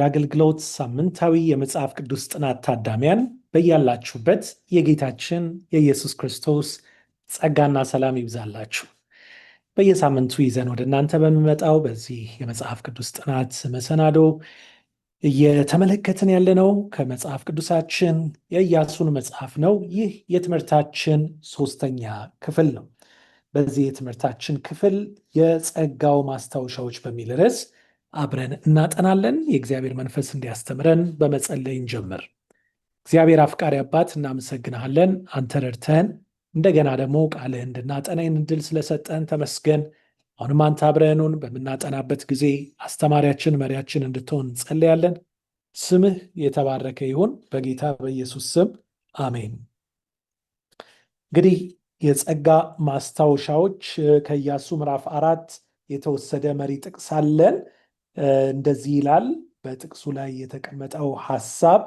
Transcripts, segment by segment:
ወንጌል አገልግሎት ሳምንታዊ የመጽሐፍ ቅዱስ ጥናት ታዳሚያን በያላችሁበት የጌታችን የኢየሱስ ክርስቶስ ጸጋና ሰላም ይብዛላችሁ። በየሳምንቱ ይዘን ወደ እናንተ በሚመጣው በዚህ የመጽሐፍ ቅዱስ ጥናት መሰናዶ እየተመለከትን ያለነው ከመጽሐፍ ቅዱሳችን የኢያሱን መጽሐፍ ነው። ይህ የትምህርታችን ሶስተኛ ክፍል ነው። በዚህ የትምህርታችን ክፍል የጸጋው ማስታወሻዎች በሚል ርዕስ አብረን እናጠናለን። የእግዚአብሔር መንፈስ እንዲያስተምረን በመጸለይ እንጀምር። እግዚአብሔር አፍቃሪ አባት እናመሰግናለን አንተ ረድተህን እንደገና ደግሞ ቃልህ እንድናጠና እድል ስለሰጠን ተመስገን። አሁንም አንተ አብረኑን በምናጠናበት ጊዜ አስተማሪያችን፣ መሪያችን እንድትሆን እንጸለያለን። ስምህ የተባረከ ይሁን። በጌታ በኢየሱስ ስም አሜን። እንግዲህ የጸጋ ማስታወሻዎች ከኢያሱ ምዕራፍ አራት የተወሰደ መሪ ጥቅስ አለን። እንደዚህ ይላል በጥቅሱ ላይ የተቀመጠው ሐሳብ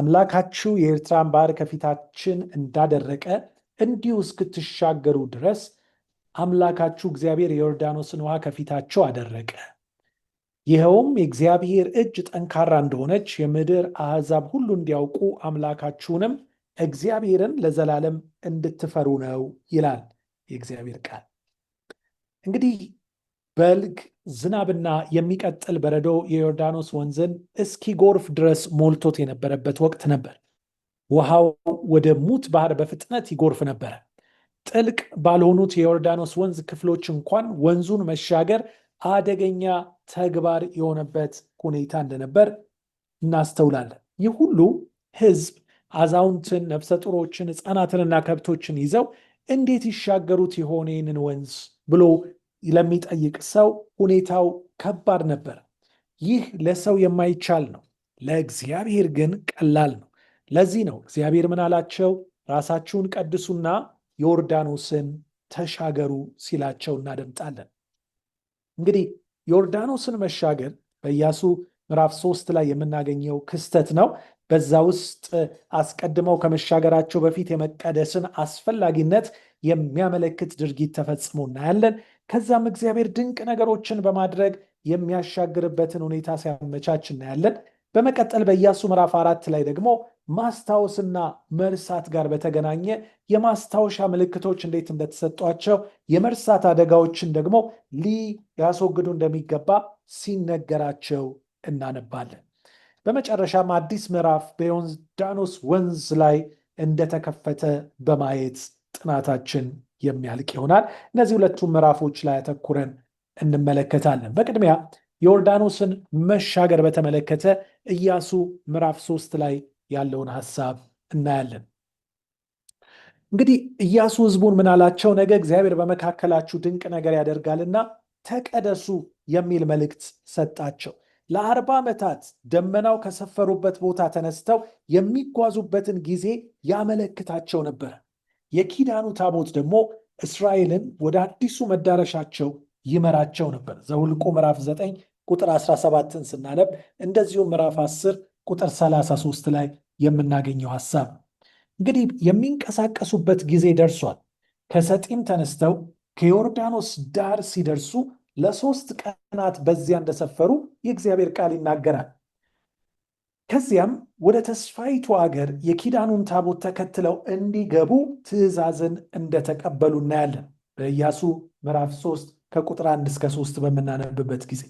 አምላካችሁ የኤርትራን ባህር ከፊታችን እንዳደረቀ እንዲሁ እስክትሻገሩ ድረስ አምላካችሁ እግዚአብሔር የዮርዳኖስን ውሃ ከፊታችሁ አደረቀ። ይኸውም የእግዚአብሔር እጅ ጠንካራ እንደሆነች የምድር አሕዛብ ሁሉ እንዲያውቁ አምላካችሁንም እግዚአብሔርን ለዘላለም እንድትፈሩ ነው ይላል የእግዚአብሔር ቃል። እንግዲህ በልግ ዝናብና የሚቀጥል በረዶ የዮርዳኖስ ወንዝን እስኪጎርፍ ድረስ ሞልቶት የነበረበት ወቅት ነበር። ውሃው ወደ ሙት ባህር በፍጥነት ይጎርፍ ነበረ። ጥልቅ ባልሆኑት የዮርዳኖስ ወንዝ ክፍሎች እንኳን ወንዙን መሻገር አደገኛ ተግባር የሆነበት ሁኔታ እንደነበር እናስተውላለን። ይህ ሁሉ ሕዝብ አዛውንትን፣ ነፍሰ ጡሮችን፣ ሕፃናትንና ከብቶችን ይዘው እንዴት ይሻገሩት ይሆን ይህንን ወንዝ ብሎ ለሚጠይቅ ሰው ሁኔታው ከባድ ነበር። ይህ ለሰው የማይቻል ነው፣ ለእግዚአብሔር ግን ቀላል ነው። ለዚህ ነው እግዚአብሔር ምን አላቸው? ራሳችሁን ቀድሱና ዮርዳኖስን ተሻገሩ ሲላቸው እናደምጣለን። እንግዲህ ዮርዳኖስን መሻገር በኢያሱ ምዕራፍ ሶስት ላይ የምናገኘው ክስተት ነው። በዛ ውስጥ አስቀድመው ከመሻገራቸው በፊት የመቀደስን አስፈላጊነት የሚያመለክት ድርጊት ተፈጽሞ እናያለን። ከዛም እግዚአብሔር ድንቅ ነገሮችን በማድረግ የሚያሻግርበትን ሁኔታ ሲያመቻች እናያለን። በመቀጠል በኢያሱ ምዕራፍ አራት ላይ ደግሞ ማስታወስና መርሳት ጋር በተገናኘ የማስታወሻ ምልክቶች እንዴት እንደተሰጧቸው የመርሳት አደጋዎችን ደግሞ ሊያስወግዱ እንደሚገባ ሲነገራቸው እናነባለን። በመጨረሻም አዲስ ምዕራፍ በዮርዳኖስ ወንዝ ላይ እንደተከፈተ በማየት ጥናታችን የሚያልቅ ይሆናል። እነዚህ ሁለቱም ምዕራፎች ላይ አተኩረን እንመለከታለን። በቅድሚያ ዮርዳኖስን መሻገር በተመለከተ ኢያሱ ምዕራፍ ሶስት ላይ ያለውን ሀሳብ እናያለን። እንግዲህ ኢያሱ ህዝቡን ምን አላቸው? ነገ እግዚአብሔር በመካከላችሁ ድንቅ ነገር ያደርጋልና ተቀደሱ የሚል መልእክት ሰጣቸው። ለአርባ ዓመታት ደመናው ከሰፈሩበት ቦታ ተነስተው የሚጓዙበትን ጊዜ ያመለክታቸው ነበር። የኪዳኑ ታቦት ደግሞ እስራኤልን ወደ አዲሱ መዳረሻቸው ይመራቸው ነበር። ዘውልቁ ምዕራፍ 9 ቁጥር 17ን ስናነብ እንደዚሁም ምዕራፍ 10 ቁጥር 33 ላይ የምናገኘው ሐሳብ እንግዲህ የሚንቀሳቀሱበት ጊዜ ደርሷል። ከሰጢም ተነስተው ከዮርዳኖስ ዳር ሲደርሱ ለሶስት ቀናት በዚያ እንደሰፈሩ የእግዚአብሔር ቃል ይናገራል። ከዚያም ወደ ተስፋይቱ አገር የኪዳኑን ታቦት ተከትለው እንዲገቡ ትእዛዝን እንደተቀበሉ እናያለን። በኢያሱ ምዕራፍ 3 ከቁጥር 1 እስከ 3 በምናነብበት ጊዜ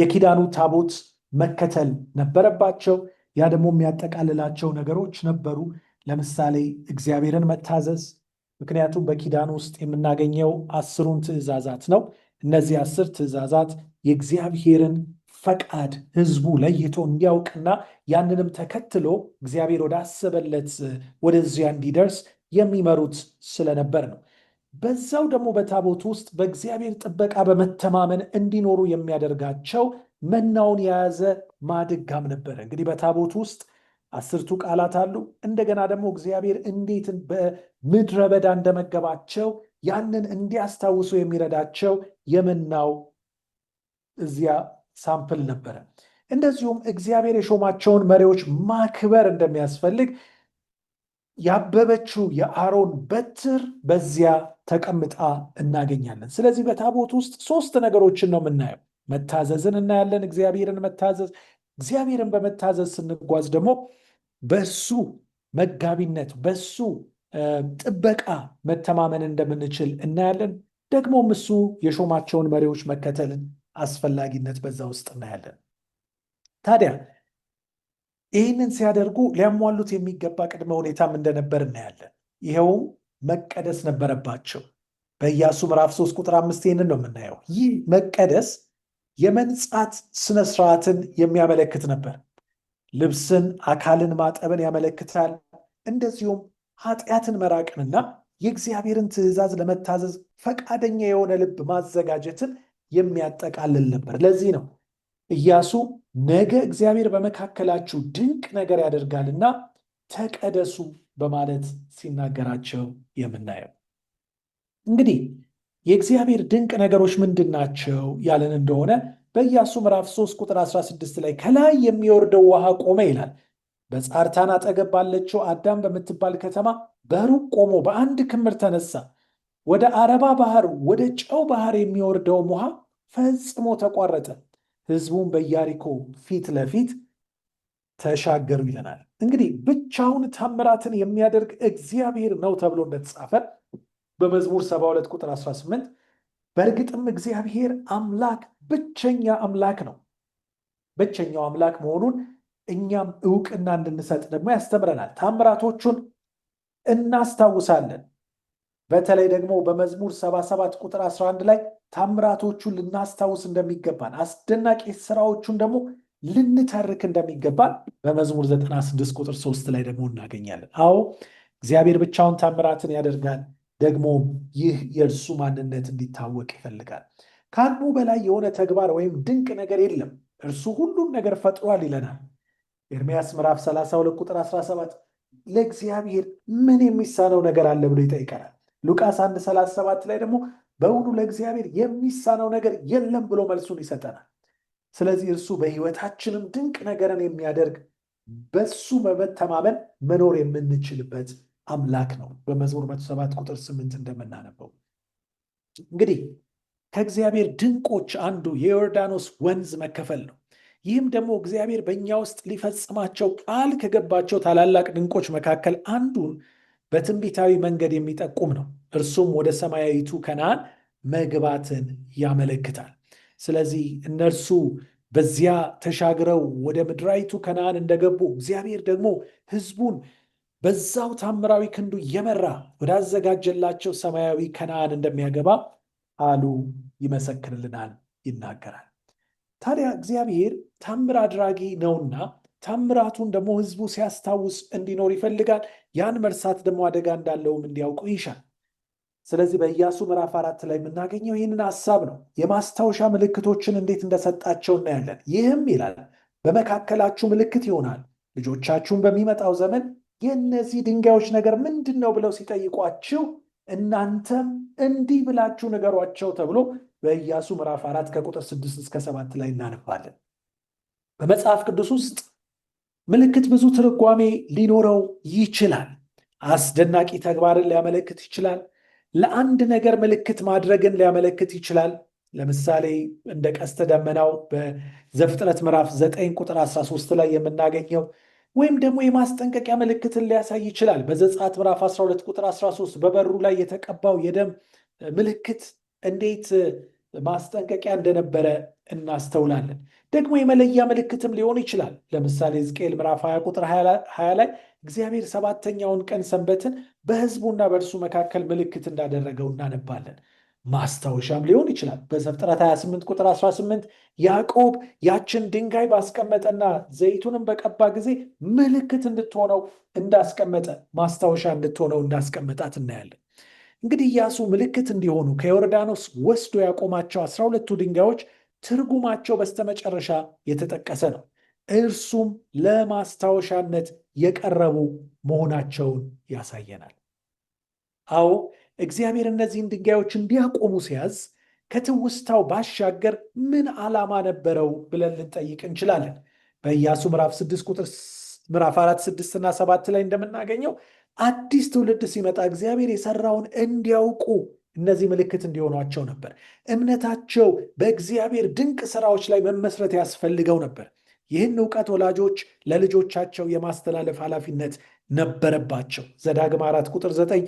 የኪዳኑ ታቦት መከተል ነበረባቸው። ያ ደግሞ የሚያጠቃልላቸው ነገሮች ነበሩ። ለምሳሌ እግዚአብሔርን መታዘዝ፣ ምክንያቱም በኪዳኑ ውስጥ የምናገኘው አስሩን ትእዛዛት ነው። እነዚህ አስር ትእዛዛት የእግዚአብሔርን ፈቃድ ህዝቡ ለይቶ እንዲያውቅና ያንንም ተከትሎ እግዚአብሔር ወዳሰበለት ወደዚያ እንዲደርስ የሚመሩት ስለነበር ነው። በዛው ደግሞ በታቦት ውስጥ በእግዚአብሔር ጥበቃ በመተማመን እንዲኖሩ የሚያደርጋቸው መናውን የያዘ ማድጋም ነበረ። እንግዲህ በታቦት ውስጥ አስርቱ ቃላት አሉ። እንደገና ደግሞ እግዚአብሔር እንዴት በምድረ በዳ እንደመገባቸው ያንን እንዲያስታውሱ የሚረዳቸው የመናው እዚያ ሳምፕል ነበረ። እንደዚሁም እግዚአብሔር የሾማቸውን መሪዎች ማክበር እንደሚያስፈልግ ያበበችው የአሮን በትር በዚያ ተቀምጣ እናገኛለን። ስለዚህ በታቦት ውስጥ ሶስት ነገሮችን ነው የምናየው። መታዘዝን እናያለን፣ እግዚአብሔርን መታዘዝ። እግዚአብሔርን በመታዘዝ ስንጓዝ ደግሞ በሱ መጋቢነት በሱ ጥበቃ መተማመን እንደምንችል እናያለን። ደግሞም እሱ የሾማቸውን መሪዎች መከተልን አስፈላጊነት በዛ ውስጥ እናያለን። ታዲያ ይህንን ሲያደርጉ ሊያሟሉት የሚገባ ቅድመ ሁኔታም እንደነበር እናያለን። ይኸውም መቀደስ ነበረባቸው። በኢያሱ ምዕራፍ 3 ቁጥር አምስት ይህንን ነው የምናየው። ይህ መቀደስ የመንጻት ስነስርዓትን የሚያመለክት ነበር። ልብስን፣ አካልን ማጠብን ያመለክታል። እንደዚሁም ኃጢአትን መራቅንና የእግዚአብሔርን ትእዛዝ ለመታዘዝ ፈቃደኛ የሆነ ልብ ማዘጋጀትን የሚያጠቃልል ነበር። ለዚህ ነው ኢያሱ ነገ እግዚአብሔር በመካከላችሁ ድንቅ ነገር ያደርጋልና ተቀደሱ በማለት ሲናገራቸው የምናየው። እንግዲህ የእግዚአብሔር ድንቅ ነገሮች ምንድን ናቸው ያለን እንደሆነ በኢያሱ ምዕራፍ 3 ቁጥር 16 ላይ ከላይ የሚወርደው ውሃ ቆመ ይላል። በጻርታን አጠገብ ባለችው አዳም በምትባል ከተማ በሩቅ ቆሞ በአንድ ክምር ተነሳ፣ ወደ አረባ ባህር ወደ ጨው ባህር የሚወርደውም ውሃ ፈጽሞ ተቋረጠ፣ ህዝቡን በኢያሪኮ ፊት ለፊት ተሻገሩ ይለናል። እንግዲህ ብቻውን ታምራትን የሚያደርግ እግዚአብሔር ነው ተብሎ እንደተጻፈ በመዝሙር 72 ቁጥር 18 በእርግጥም እግዚአብሔር አምላክ ብቸኛ አምላክ ነው። ብቸኛው አምላክ መሆኑን እኛም እውቅና እንድንሰጥ ደግሞ ያስተምረናል። ታምራቶቹን እናስታውሳለን። በተለይ ደግሞ በመዝሙር 77 ቁጥር 11 ላይ ታምራቶቹን ልናስታውስ እንደሚገባን አስደናቂ ስራዎቹን ደግሞ ልንተርክ እንደሚገባን በመዝሙር 96 ቁጥር 3 ላይ ደግሞ እናገኛለን። አዎ እግዚአብሔር ብቻውን ታምራትን ያደርጋል። ደግሞ ይህ የእርሱ ማንነት እንዲታወቅ ይፈልጋል። ከአቅሙ በላይ የሆነ ተግባር ወይም ድንቅ ነገር የለም፣ እርሱ ሁሉን ነገር ፈጥሯል ይለናል ኤርምያስ ምዕራፍ 32 ቁጥር 17 ለእግዚአብሔር ምን የሚሳነው ነገር አለ ብሎ ይጠይቀናል። ሉቃስ 37 ላይ ደግሞ በውኑ ለእግዚአብሔር የሚሳነው ነገር የለም ብሎ መልሱን ይሰጠናል። ስለዚህ እርሱ በህይወታችንም ድንቅ ነገርን የሚያደርግ በሱ መመተማመን መኖር የምንችልበት አምላክ ነው። በመዝሙር 17 ቁጥር 8 እንደምናነበው እንግዲህ ከእግዚአብሔር ድንቆች አንዱ የዮርዳኖስ ወንዝ መከፈል ነው። ይህም ደግሞ እግዚአብሔር በእኛ ውስጥ ሊፈጽማቸው ቃል ከገባቸው ታላላቅ ድንቆች መካከል አንዱን በትንቢታዊ መንገድ የሚጠቁም ነው። እርሱም ወደ ሰማያዊቱ ከነዓን መግባትን ያመለክታል። ስለዚህ እነርሱ በዚያ ተሻግረው ወደ ምድራይቱ ከነዓን እንደገቡ እግዚአብሔር ደግሞ ሕዝቡን በዛው ታምራዊ ክንዱ እየመራ ወዳዘጋጀላቸው ሰማያዊ ከነዓን እንደሚያገባ አሉ ይመሰክርልናል፣ ይናገራል። ታዲያ እግዚአብሔር ታምር አድራጊ ነውና ታምራቱን ደግሞ ህዝቡ ሲያስታውስ እንዲኖር ይፈልጋል። ያን መርሳት ደግሞ አደጋ እንዳለውም እንዲያውቁ ይሻል። ስለዚህ በኢያሱ ምዕራፍ አራት ላይ የምናገኘው ይህንን ሀሳብ ነው። የማስታወሻ ምልክቶችን እንዴት እንደሰጣቸው እናያለን። ይህም ይላል በመካከላችሁ ምልክት ይሆናል፣ ልጆቻችሁን በሚመጣው ዘመን የእነዚህ ድንጋዮች ነገር ምንድን ነው ብለው ሲጠይቋችሁ እናንተም እንዲህ ብላችሁ ነገሯቸው ተብሎ በኢያሱ ምዕራፍ አራት ከቁጥር ስድስት እስከ ሰባት ላይ እናነባለን። በመጽሐፍ ቅዱስ ውስጥ ምልክት ብዙ ትርጓሜ ሊኖረው ይችላል። አስደናቂ ተግባርን ሊያመለክት ይችላል። ለአንድ ነገር ምልክት ማድረግን ሊያመለክት ይችላል። ለምሳሌ እንደ ቀስተ ደመናው በዘፍጥረት ምዕራፍ 9 ቁጥር 13 ላይ የምናገኘው ወይም ደግሞ የማስጠንቀቂያ ምልክትን ሊያሳይ ይችላል። በዘጸአት ምዕራፍ 12 ቁጥር 13 በበሩ ላይ የተቀባው የደም ምልክት እንዴት ማስጠንቀቂያ እንደነበረ እናስተውላለን። ደግሞ የመለያ ምልክትም ሊሆን ይችላል። ለምሳሌ ሕዝቅኤል ምዕራፍ 20 ቁጥር 20 ላይ እግዚአብሔር ሰባተኛውን ቀን ሰንበትን በሕዝቡና በእርሱ መካከል ምልክት እንዳደረገው እናነባለን። ማስታወሻም ሊሆን ይችላል። በዘፍጥረት 28 ቁጥር 18 ያዕቆብ ያችን ድንጋይ ባስቀመጠና ዘይቱንም በቀባ ጊዜ ምልክት እንድትሆነው እንዳስቀመጠ ማስታወሻ እንድትሆነው እንዳስቀመጣት እናያለን። እንግዲህ ኢያሱ ምልክት እንዲሆኑ ከዮርዳኖስ ወስዶ ያቆማቸው አስራ ሁለቱ ድንጋዮች ትርጉማቸው በስተመጨረሻ የተጠቀሰ ነው። እርሱም ለማስታወሻነት የቀረቡ መሆናቸውን ያሳየናል። አዎ እግዚአብሔር እነዚህን ድንጋዮች እንዲያቆሙ ሲያዝ ከትውስታው ባሻገር ምን ዓላማ ነበረው ብለን ልንጠይቅ እንችላለን። በኢያሱ ምዕራፍ 6 ቁጥር ምዕራፍ 4 6 እና 7 ላይ እንደምናገኘው አዲስ ትውልድ ሲመጣ እግዚአብሔር የሰራውን እንዲያውቁ እነዚህ ምልክት እንዲሆኗቸው ነበር። እምነታቸው በእግዚአብሔር ድንቅ ስራዎች ላይ መመስረት ያስፈልገው ነበር። ይህን እውቀት ወላጆች ለልጆቻቸው የማስተላለፍ ኃላፊነት ነበረባቸው። ዘዳግም አራት ቁጥር ዘጠኝ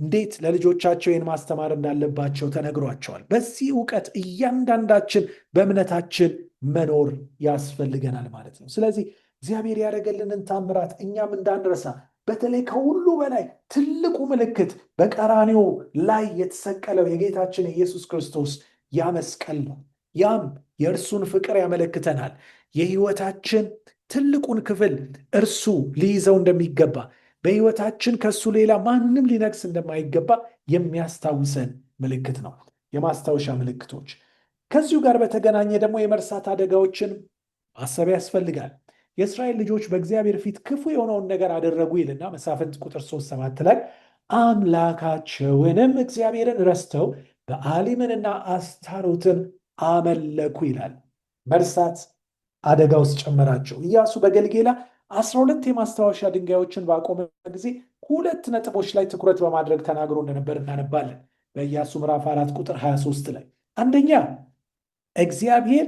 እንዴት ለልጆቻቸው ይህን ማስተማር እንዳለባቸው ተነግሯቸዋል። በዚህ እውቀት እያንዳንዳችን በእምነታችን መኖር ያስፈልገናል ማለት ነው። ስለዚህ እግዚአብሔር ያደረገልንን ታምራት እኛም እንዳንረሳ በተለይ ከሁሉ በላይ ትልቁ ምልክት በቀራኔው ላይ የተሰቀለው የጌታችን ኢየሱስ ክርስቶስ ያ መስቀል ነው። ያም የእርሱን ፍቅር ያመለክተናል። የህይወታችን ትልቁን ክፍል እርሱ ሊይዘው እንደሚገባ በህይወታችን ከእሱ ሌላ ማንም ሊነግስ እንደማይገባ የሚያስታውሰን ምልክት ነው። የማስታወሻ ምልክቶች። ከዚሁ ጋር በተገናኘ ደግሞ የመርሳት አደጋዎችን ማሰብ ያስፈልጋል። የእስራኤል ልጆች በእግዚአብሔር ፊት ክፉ የሆነውን ነገር አደረጉ ይልና መሳፍንት ቁጥር ሶስት ሰባት ላይ አምላካቸውንም እግዚአብሔርን ረስተው በአሊምንና አስታሮትን አመለኩ ይላል። መርሳት አደጋ ውስጥ ጨመራቸው። እያሱ በገልጌላ አስራ ሁለት የማስታወሻ ድንጋዮችን ባቆመ ጊዜ ሁለት ነጥቦች ላይ ትኩረት በማድረግ ተናግሮ እንደነበር እናነባለን። በኢያሱ ምዕራፍ አራት ቁጥር 23 ላይ አንደኛ እግዚአብሔር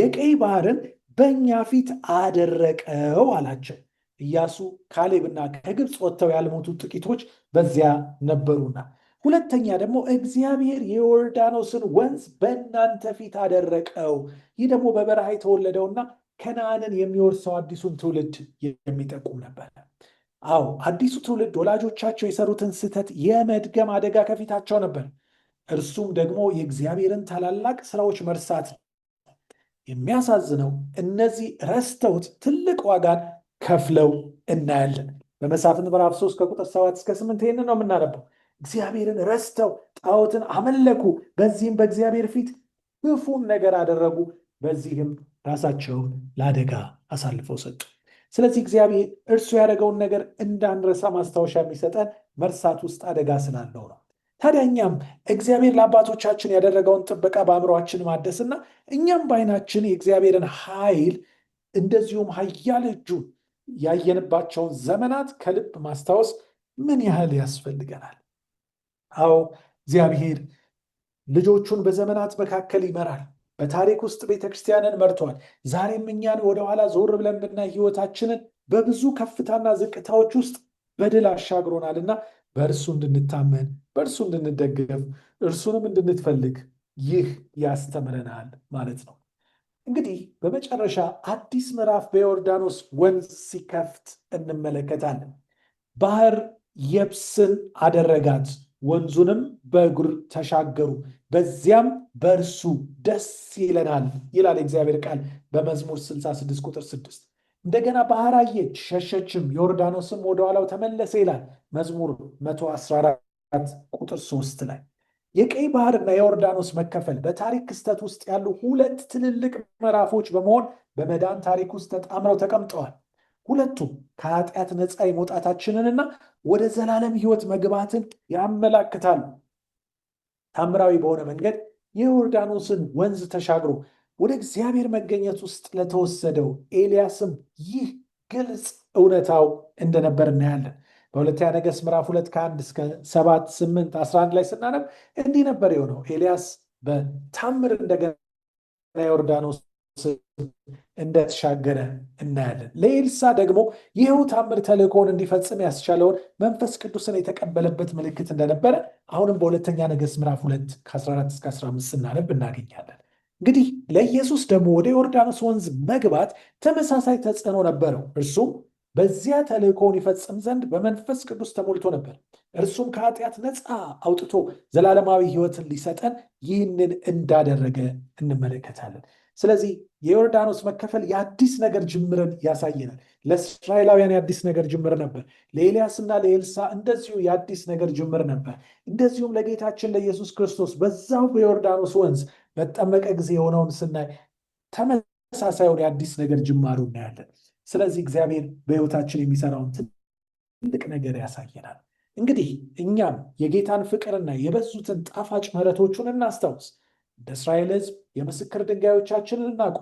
የቀይ ባህርን በእኛ ፊት አደረቀው አላቸው። ኢያሱ ካሌብና ከግብፅ ወጥተው ያልሞቱ ጥቂቶች በዚያ ነበሩና። ሁለተኛ ደግሞ እግዚአብሔር የዮርዳኖስን ወንዝ በእናንተ ፊት አደረቀው። ይህ ደግሞ በበረሃ የተወለደውና ከነአንን የሚወርሰው አዲሱን ትውልድ የሚጠቁም ነበር። አዎ አዲሱ ትውልድ ወላጆቻቸው የሰሩትን ስህተት የመድገም አደጋ ከፊታቸው ነበር። እርሱም ደግሞ የእግዚአብሔርን ታላላቅ ስራዎች መርሳት የሚያሳዝነው እነዚህ ረስተውት ትልቅ ዋጋን ከፍለው እናያለን። በመሳፍንት ምዕራፍ 3 ከቁጥር 7 እስከ 8 ይህን ነው የምናነበው። እግዚአብሔርን ረስተው ጣዖትን አመለኩ፣ በዚህም በእግዚአብሔር ፊት ክፉን ነገር አደረጉ፣ በዚህም ራሳቸውን ለአደጋ አሳልፈው ሰጡ። ስለዚህ እግዚአብሔር እርሱ ያደረገውን ነገር እንዳንረሳ ማስታወሻ የሚሰጠን መርሳት ውስጥ አደጋ ስላለው ነው። ታዲያ እኛም እግዚአብሔር ለአባቶቻችን ያደረገውን ጥበቃ በአእምሯችን ማደስና እኛም በአይናችን የእግዚአብሔርን ኃይል እንደዚሁም ኃያል እጁን ያየንባቸውን ዘመናት ከልብ ማስታወስ ምን ያህል ያስፈልገናል? አዎ እግዚአብሔር ልጆቹን በዘመናት መካከል ይመራል። በታሪክ ውስጥ ቤተክርስቲያንን መርቷል። ዛሬም እኛን ወደኋላ ዞር ብለን ብናይ ህይወታችንን በብዙ ከፍታና ዝቅታዎች ውስጥ በድል አሻግሮናል እና በእርሱ እንድንታመን በእርሱ እንድንደገፍ እርሱንም እንድንትፈልግ ይህ ያስተምረናል ማለት ነው። እንግዲህ በመጨረሻ አዲስ ምዕራፍ በዮርዳኖስ ወንዝ ሲከፍት እንመለከታለን። ባህር የብስን አደረጋት፣ ወንዙንም በእግር ተሻገሩ፣ በዚያም በእርሱ ደስ ይለናል ይላል እግዚአብሔር ቃል በመዝሙር 66 ቁጥር 6። እንደገና ባህር አየች ሸሸችም፣ ዮርዳኖስም ወደኋላው ተመለሰ ይላል መዝሙር 114 ቁጥር ሶስት ላይ የቀይ ባህርና የዮርዳኖስ መከፈል በታሪክ ክስተት ውስጥ ያሉ ሁለት ትልልቅ ምዕራፎች በመሆን በመዳን ታሪክ ውስጥ ተጣምረው ተቀምጠዋል። ሁለቱም ከኃጢአት ነፃ የመውጣታችንንና ወደ ዘላለም ህይወት መግባትን ያመላክታሉ። ታምራዊ በሆነ መንገድ የዮርዳኖስን ወንዝ ተሻግሮ ወደ እግዚአብሔር መገኘት ውስጥ ለተወሰደው ኤልያስም ይህ ግልጽ እውነታው እንደነበር እናያለን። በሁለተኛ ነገስት ምዕራፍ ሁለት ከአንድ እስከ ሰባት ስምንት አስራ አንድ ላይ ስናነብ እንዲህ ነበር የሆነው። ኤልያስ በታምር እንደገና ዮርዳኖስ እንደተሻገረ እናያለን። ለኤልሳ ደግሞ ይህው ታምር ተልእኮውን እንዲፈጽም ያስቻለውን መንፈስ ቅዱስን የተቀበለበት ምልክት እንደነበረ አሁንም በሁለተኛ ነገስት ምዕራፍ ሁለት ከ14 እስከ 15 ስናነብ እናገኛለን። እንግዲህ ለኢየሱስ ደግሞ ወደ ዮርዳኖስ ወንዝ መግባት ተመሳሳይ ተጽዕኖ ነበረው። እርሱም በዚያ ተልእኮውን ይፈጽም ዘንድ በመንፈስ ቅዱስ ተሞልቶ ነበር። እርሱም ከኃጢአት ነፃ አውጥቶ ዘላለማዊ ህይወትን ሊሰጠን ይህንን እንዳደረገ እንመለከታለን። ስለዚህ የዮርዳኖስ መከፈል የአዲስ ነገር ጅምርን ያሳየናል። ለእስራኤላውያን የአዲስ ነገር ጅምር ነበር። ለኤልያስና ለኤልሳ እንደዚሁ የአዲስ ነገር ጅምር ነበር። እንደዚሁም ለጌታችን ለኢየሱስ ክርስቶስ በዛው በዮርዳኖስ ወንዝ በጠመቀ ጊዜ የሆነውን ስናይ ተመሳሳዩን የአዲስ ነገር ጅማሩ እናያለን። ስለዚህ እግዚአብሔር በህይወታችን የሚሰራውን ትልቅ ነገር ያሳየናል። እንግዲህ እኛም የጌታን ፍቅርና የበዙትን ጣፋጭ ምሕረቶቹን እናስታውስ። እንደ እስራኤል ህዝብ የምስክር ድንጋዮቻችንን እናቁ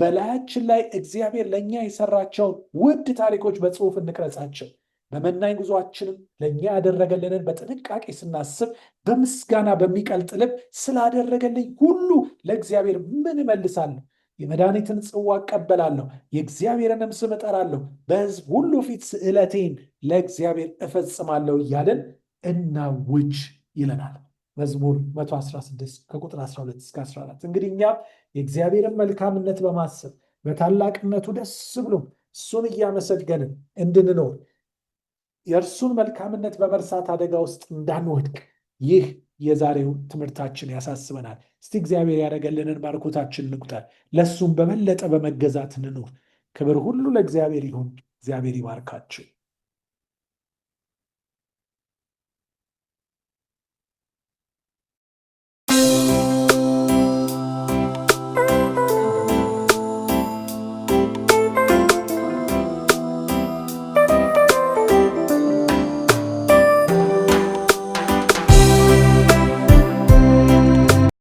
በላያችን ላይ እግዚአብሔር ለእኛ የሰራቸውን ውድ ታሪኮች በጽሑፍ እንቅረጻቸው። በመናኝ ጉዞአችንም ለእኛ ያደረገልንን በጥንቃቄ ስናስብ በምስጋና በሚቀልጥ ልብ ስላደረገልኝ ሁሉ ለእግዚአብሔር ምን እመልሳለሁ? የመድኃኒትን ጽዋ እቀበላለሁ፣ የእግዚአብሔርንም ስም እጠራለሁ፣ በሕዝብ ሁሉ ፊት ስዕለቴን ለእግዚአብሔር እፈጽማለሁ እያልን እናውጅ ይለናል። መዝሙር 116 ከቁጥር 12 እስከ 14። እንግዲህ እኛ የእግዚአብሔርን መልካምነት በማሰብ በታላቅነቱ ደስ ብሎም እሱን እያመሰገንን እንድንኖር የእርሱን መልካምነት በመርሳት አደጋ ውስጥ እንዳንወድቅ ይህ የዛሬው ትምህርታችን ያሳስበናል። እስቲ እግዚአብሔር ያደረገልንን ባርኮታችን እንቁጠር፣ ለእሱም በበለጠ በመገዛት እንኑር። ክብር ሁሉ ለእግዚአብሔር ይሁን። እግዚአብሔር ይባርካችሁ።